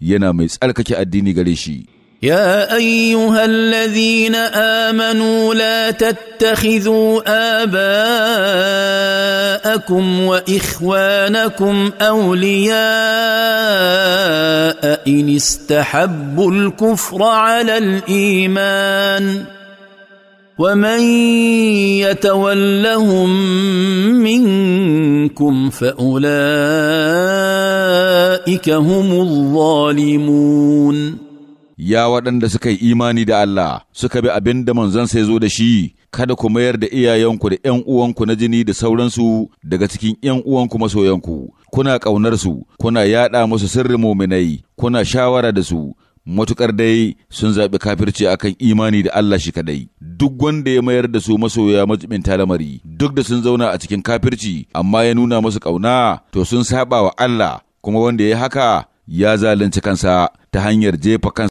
yana mai tsarkake addini gare shi يا ايها الذين امنوا لا تتخذوا اباءكم واخوانكم اولياء ان استحبوا الكفر على الايمان ومن يتولهم منكم فاولئك ula'ika هم zalimun ya waɗanda suka yi imani da Allah suka bi abin da manzansa ya zo da shi kada ku mayar da iyayenku da ’yan uwanku na jini da sauransu daga cikin ’yan uwanku masoyanku kuna ƙaunar su. kuna yaɗa musu sirri muminai kuna shawara da su matuƙar dai sun zaɓi kafirci akan imani da Allah shi kadai duk wanda ya mayar da su masoya majibinta lamari duk da sun zauna a cikin kafirci amma ya nuna musu ƙauna to sun saɓa wa Allah kuma wanda ya haka ya zalunci kansa ta hanyar jefa kansa